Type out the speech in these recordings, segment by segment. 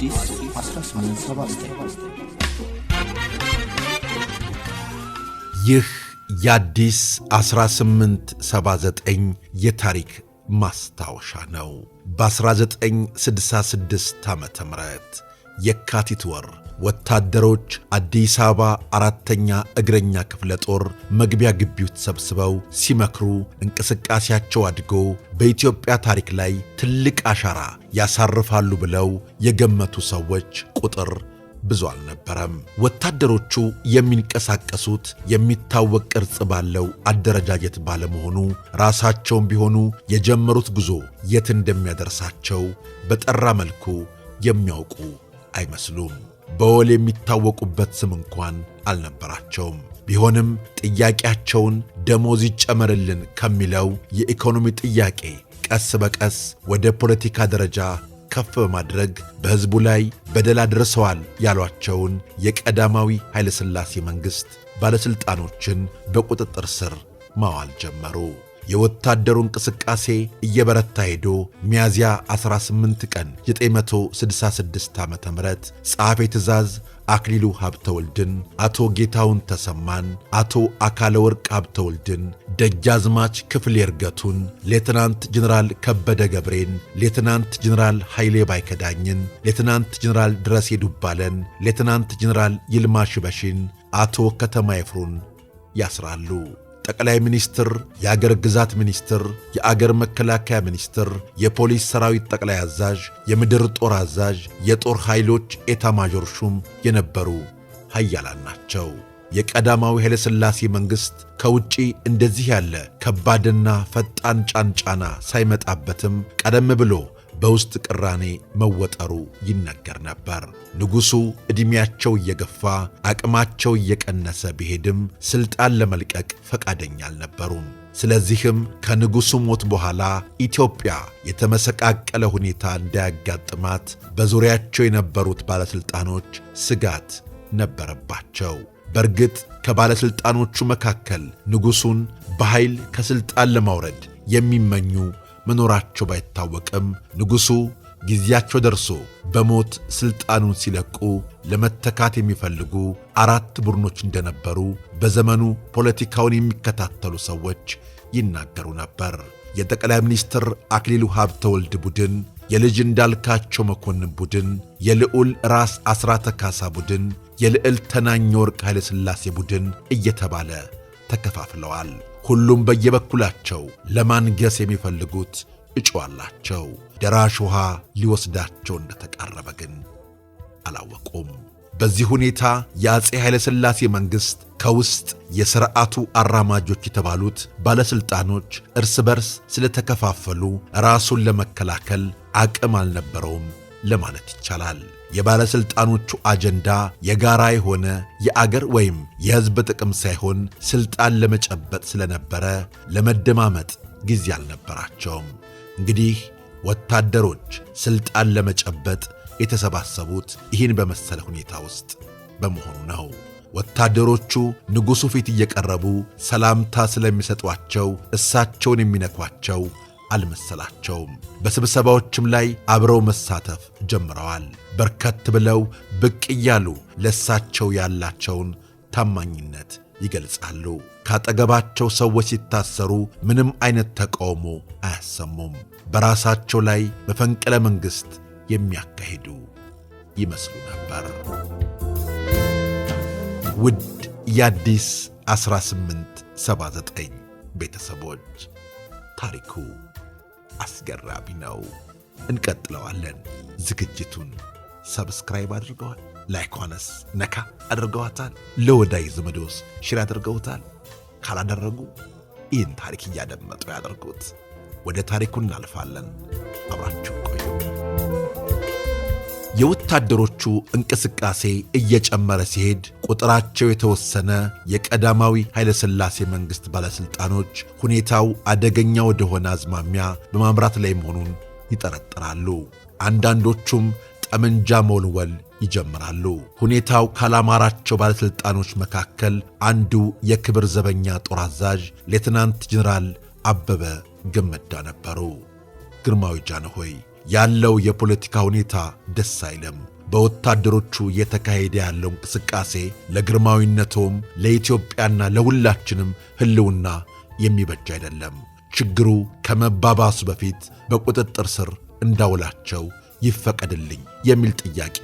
አዲስ 1879 ይህ የአዲስ 1879 የታሪክ ማስታወሻ ነው። በ1966 ዓ ም የካቲት ወር ወታደሮች አዲስ አበባ አራተኛ እግረኛ ክፍለ ጦር መግቢያ ግቢው ተሰብስበው ሲመክሩ እንቅስቃሴያቸው አድጎ በኢትዮጵያ ታሪክ ላይ ትልቅ አሻራ ያሳርፋሉ ብለው የገመቱ ሰዎች ቁጥር ብዙ አልነበረም። ወታደሮቹ የሚንቀሳቀሱት የሚታወቅ ቅርጽ ባለው አደረጃጀት ባለመሆኑ ራሳቸውም ቢሆኑ የጀመሩት ጉዞ የት እንደሚያደርሳቸው በጠራ መልኩ የሚያውቁ አይመስሉም። በወል የሚታወቁበት ስም እንኳን አልነበራቸውም። ቢሆንም ጥያቄያቸውን ደሞዝ ይጨመርልን ከሚለው የኢኮኖሚ ጥያቄ ቀስ በቀስ ወደ ፖለቲካ ደረጃ ከፍ በማድረግ በሕዝቡ ላይ በደል አድርሰዋል ያሏቸውን የቀዳማዊ ኃይለሥላሴ መንግሥት ባለሥልጣኖችን በቁጥጥር ስር ማዋል ጀመሩ። የወታደሩ እንቅስቃሴ እየበረታ ሄዶ ሚያዝያ 18 ቀን 966 ዓ ም ጸሐፌ ትእዛዝ አክሊሉ ሀብተወልድን፣ አቶ ጌታውን ተሰማን፣ አቶ አካለ ወርቅ ሀብተወልድን፣ ደጃዝማች ክፍሌ እርገቱን፣ ሌትናንት ጀነራል ከበደ ገብሬን፣ ሌትናንት ጀነራል ኃይሌ ባይከዳኝን፣ ሌትናንት ጀነራል ድረሴ ዱባለን፣ ሌትናንት ጀነራል ይልማ ሽበሽን፣ አቶ ከተማ ይፍሩን ያስራሉ። ጠቅላይ ሚኒስትር፣ የአገር ግዛት ሚኒስትር፣ የአገር መከላከያ ሚኒስትር፣ የፖሊስ ሰራዊት ጠቅላይ አዛዥ፣ የምድር ጦር አዛዥ፣ የጦር ኃይሎች ማዦር ሹም የነበሩ ኃያላን ናቸው። የቀዳማዊ ኃይለሥላሴ መንግሥት ከውጪ እንደዚህ ያለ ከባድና ፈጣን ጫንጫና ሳይመጣበትም ቀደም ብሎ በውስጥ ቅራኔ መወጠሩ ይነገር ነበር። ንጉሡ ዕድሜያቸው እየገፋ አቅማቸው እየቀነሰ ቢሄድም ሥልጣን ለመልቀቅ ፈቃደኛ አልነበሩም። ስለዚህም ከንጉሡ ሞት በኋላ ኢትዮጵያ የተመሰቃቀለ ሁኔታ እንዳያጋጥማት በዙሪያቸው የነበሩት ባለሥልጣኖች ስጋት ነበረባቸው። በእርግጥ ከባለሥልጣኖቹ መካከል ንጉሡን በኃይል ከሥልጣን ለማውረድ የሚመኙ መኖራቸው ባይታወቅም ንጉሡ ጊዜያቸው ደርሶ በሞት ሥልጣኑን ሲለቁ ለመተካት የሚፈልጉ አራት ቡድኖች እንደነበሩ በዘመኑ ፖለቲካውን የሚከታተሉ ሰዎች ይናገሩ ነበር። የጠቅላይ ሚኒስትር አክሊሉ ወልድ ቡድን፣ የልጅ እንዳልካቸው መኮንን ቡድን፣ የልዑል ራስ አስራተ ካሳ ቡድን፣ የልዕል ተናኘ ወርቅ ኃይለሥላሴ ቡድን እየተባለ ተከፋፍለዋል። ሁሉም በየበኩላቸው ለማንገስ የሚፈልጉት እጩ አላቸው። ደራሽ ውሃ ሊወስዳቸው እንደተቃረበ ግን አላወቁም። በዚህ ሁኔታ የአፄ ኃይለሥላሴ መንግሥት ከውስጥ የሥርዓቱ አራማጆች የተባሉት ባለሥልጣኖች እርስ በርስ ስለተከፋፈሉ ራሱን ለመከላከል አቅም አልነበረውም ለማለት ይቻላል። የባለሥልጣኖቹ አጀንዳ የጋራ የሆነ የአገር ወይም የሕዝብ ጥቅም ሳይሆን ሥልጣን ለመጨበጥ ስለነበረ ለመደማመጥ ጊዜ አልነበራቸውም። እንግዲህ ወታደሮች ሥልጣን ለመጨበጥ የተሰባሰቡት ይህን በመሰለ ሁኔታ ውስጥ በመሆኑ ነው። ወታደሮቹ ንጉሡ ፊት እየቀረቡ ሰላምታ ስለሚሰጧቸው እሳቸውን የሚነኳቸው አልመሰላቸውም። በስብሰባዎችም ላይ አብረው መሳተፍ ጀምረዋል። በርከት ብለው ብቅ እያሉ ለእሳቸው ያላቸውን ታማኝነት ይገልጻሉ። ካጠገባቸው ሰዎች ሲታሰሩ ምንም አይነት ተቃውሞ አያሰሙም። በራሳቸው ላይ መፈንቅለ መንግሥት የሚያካሂዱ ይመስሉ ነበር። ውድ የአዲስ 1879 ቤተሰቦች ታሪኩ አስገራሚ ነው። እንቀጥለዋለን። ዝግጅቱን ሰብስክራይብ አድርገዋል፣ ላይኳነስ ነካ አድርገዋታል፣ ለወዳይ ዘመዶስ ሽር አድርገውታል። ካላደረጉ ይህን ታሪክ እያደመጡ ያደርጉት። ወደ ታሪኩ እናልፋለን። አብራችሁ የወታደሮቹ እንቅስቃሴ እየጨመረ ሲሄድ ቁጥራቸው የተወሰነ የቀዳማዊ ኃይለሥላሴ መንግሥት ባለሥልጣኖች ሁኔታው አደገኛ ወደሆነ አዝማሚያ በማምራት ላይ መሆኑን ይጠረጥራሉ። አንዳንዶቹም ጠመንጃ መወልወል ይጀምራሉ። ሁኔታው ካላማራቸው ባለሥልጣኖች መካከል አንዱ የክብር ዘበኛ ጦር አዛዥ ሌትናንት ጀኔራል አበበ ገመዳ ነበሩ። ግርማዊ ጃንሆይ ያለው የፖለቲካ ሁኔታ ደስ አይለም። በወታደሮቹ እየተካሄደ ያለው እንቅስቃሴ ለግርማዊነቶም ለኢትዮጵያና ለሁላችንም ሕልውና የሚበጅ አይደለም። ችግሩ ከመባባሱ በፊት በቁጥጥር ስር እንዳውላቸው ይፈቀድልኝ የሚል ጥያቄ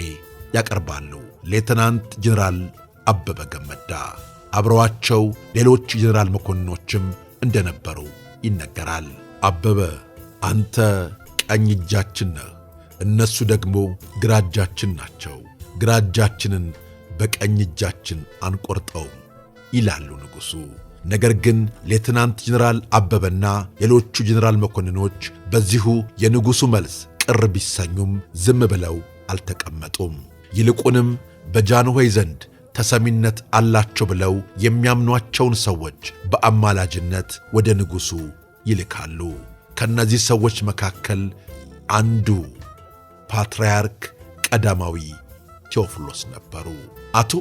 ያቀርባሉ። ሌተናንት ጀኔራል አበበ ገመዳ አብረዋቸው ሌሎች ጀኔራል መኮንኖችም እንደነበሩ ይነገራል። አበበ አንተ ቀኝ እጃችን ነህ፣ እነሱ ደግሞ ግራ እጃችን ናቸው፣ ግራ እጃችንን በቀኝ እጃችን አንቆርጠውም ይላሉ ንጉሡ። ነገር ግን ሌትናንት ጀነራል አበበና ሌሎቹ ጀነራል መኮንኖች በዚሁ የንጉሡ መልስ ቅር ቢሰኙም ዝም ብለው አልተቀመጡም። ይልቁንም በጃንሆይ ዘንድ ተሰሚነት አላቸው ብለው የሚያምኗቸውን ሰዎች በአማላጅነት ወደ ንጉሡ ይልካሉ። ከእነዚህ ሰዎች መካከል አንዱ ፓትርያርክ ቀዳማዊ ቴዎፍሎስ ነበሩ። አቶ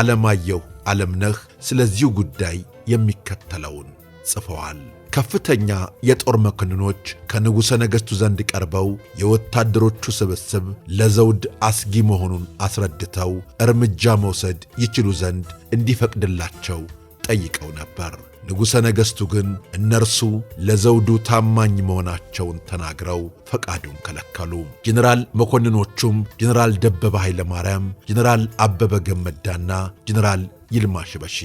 አለማየሁ አለምነህ ስለዚሁ ጉዳይ የሚከተለውን ጽፈዋል። ከፍተኛ የጦር መኮንኖች ከንጉሠ ነገሥቱ ዘንድ ቀርበው የወታደሮቹ ስብስብ ለዘውድ አስጊ መሆኑን አስረድተው እርምጃ መውሰድ ይችሉ ዘንድ እንዲፈቅድላቸው ጠይቀው ነበር። ንጉሠ ነገሥቱ ግን እነርሱ ለዘውዱ ታማኝ መሆናቸውን ተናግረው ፈቃዱን ከለከሉ። ጀነራል መኮንኖቹም ጀነራል ደበበ ኃይለማርያም፣ ጀነራል አበበ ገመዳና ጀነራል ይልማ ሽበሺ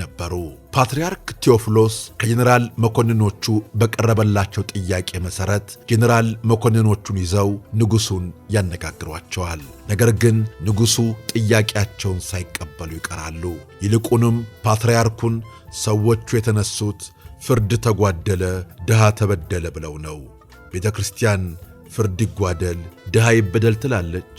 ነበሩ። ፓትርያርክ ቴዎፍሎስ ከጀኔራል መኮንኖቹ በቀረበላቸው ጥያቄ መሠረት ጀኔራል መኮንኖቹን ይዘው ንጉሡን ያነጋግሯቸዋል። ነገር ግን ንጉሡ ጥያቄያቸውን ሳይቀበሉ ይቀራሉ። ይልቁንም ፓትርያርኩን ሰዎቹ የተነሱት ፍርድ ተጓደለ፣ ድሃ ተበደለ ብለው ነው። ቤተ ክርስቲያን ፍርድ ይጓደል፣ ድሃ ይበደል ትላለች።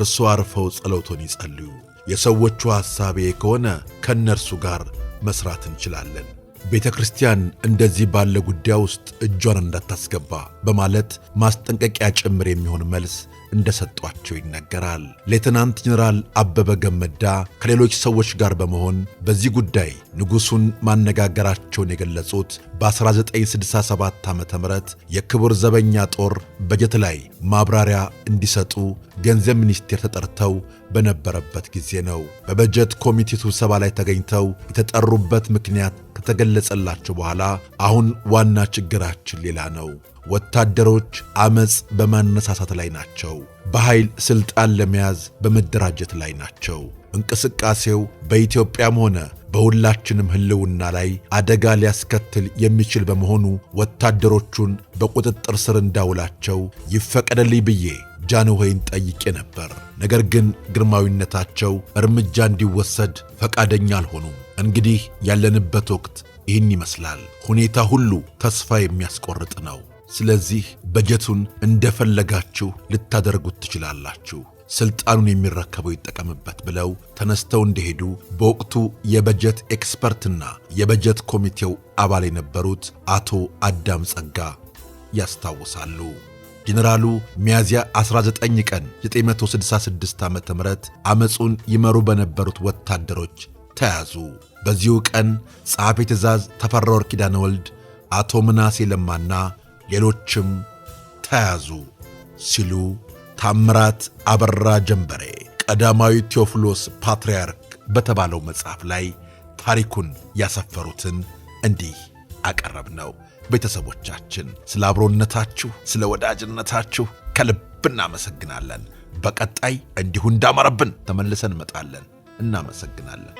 እርሶ አርፈው ጸሎቶን ይጸልዩ የሰዎቹ ሐሳቤ ከሆነ ከእነርሱ ጋር መሥራት እንችላለን። ቤተ ክርስቲያን እንደዚህ ባለ ጉዳይ ውስጥ እጇን እንዳታስገባ በማለት ማስጠንቀቂያ ጭምር የሚሆን መልስ እንደሰጧቸው ይነገራል። ሌተናንት ጀኔራል አበበ ገመዳ ከሌሎች ሰዎች ጋር በመሆን በዚህ ጉዳይ ንጉሡን ማነጋገራቸውን የገለጹት በ1967 ዓ ም የክቡር ዘበኛ ጦር በጀት ላይ ማብራሪያ እንዲሰጡ ገንዘብ ሚኒስቴር ተጠርተው በነበረበት ጊዜ ነው። በበጀት ኮሚቴ ስብሰባ ላይ ተገኝተው የተጠሩበት ምክንያት ከተገለጸላቸው በኋላ አሁን ዋና ችግራችን ሌላ ነው። ወታደሮች አመፅ በማነሳሳት ላይ ናቸው። በኃይል ሥልጣን ለመያዝ በመደራጀት ላይ ናቸው። እንቅስቃሴው በኢትዮጵያም ሆነ በሁላችንም ሕልውና ላይ አደጋ ሊያስከትል የሚችል በመሆኑ ወታደሮቹን በቁጥጥር ስር እንዳውላቸው ይፈቀደልኝ ብዬ ጃንሆይን ጠይቄ ነበር። ነገር ግን ግርማዊነታቸው እርምጃ እንዲወሰድ ፈቃደኛ አልሆኑም። እንግዲህ ያለንበት ወቅት ይህን ይመስላል። ሁኔታ ሁሉ ተስፋ የሚያስቆርጥ ነው። ስለዚህ በጀቱን እንደፈለጋችሁ ልታደርጉት ትችላላችሁ፣ ስልጣኑን የሚረከበው ይጠቀምበት ብለው ተነስተው እንደሄዱ በወቅቱ የበጀት ኤክስፐርትና የበጀት ኮሚቴው አባል የነበሩት አቶ አዳም ጸጋ ያስታውሳሉ። ጀነራሉ ሚያዝያ 19 ቀን 966 ዓ ም ዓመፁን ይመሩ በነበሩት ወታደሮች ተያዙ። በዚሁ ቀን ጸሐፊ ትእዛዝ ተፈራ ወርቅ ኪዳነ ወልድ፣ አቶ ምናሴ ለማና ሌሎችም ተያዙ ሲሉ ታምራት አበራ ጀንበሬ ቀዳማዊ ቴዎፍሎስ ፓትርያርክ በተባለው መጽሐፍ ላይ ታሪኩን ያሰፈሩትን እንዲህ አቀረብ ነው። ቤተሰቦቻችን፣ ስለ አብሮነታችሁ፣ ስለ ወዳጅነታችሁ ከልብ እናመሰግናለን። በቀጣይ እንዲሁ እንዳመረብን ተመልሰን እንመጣለን። እናመሰግናለን።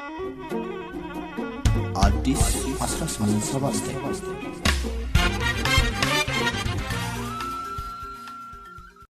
አዲስ 1879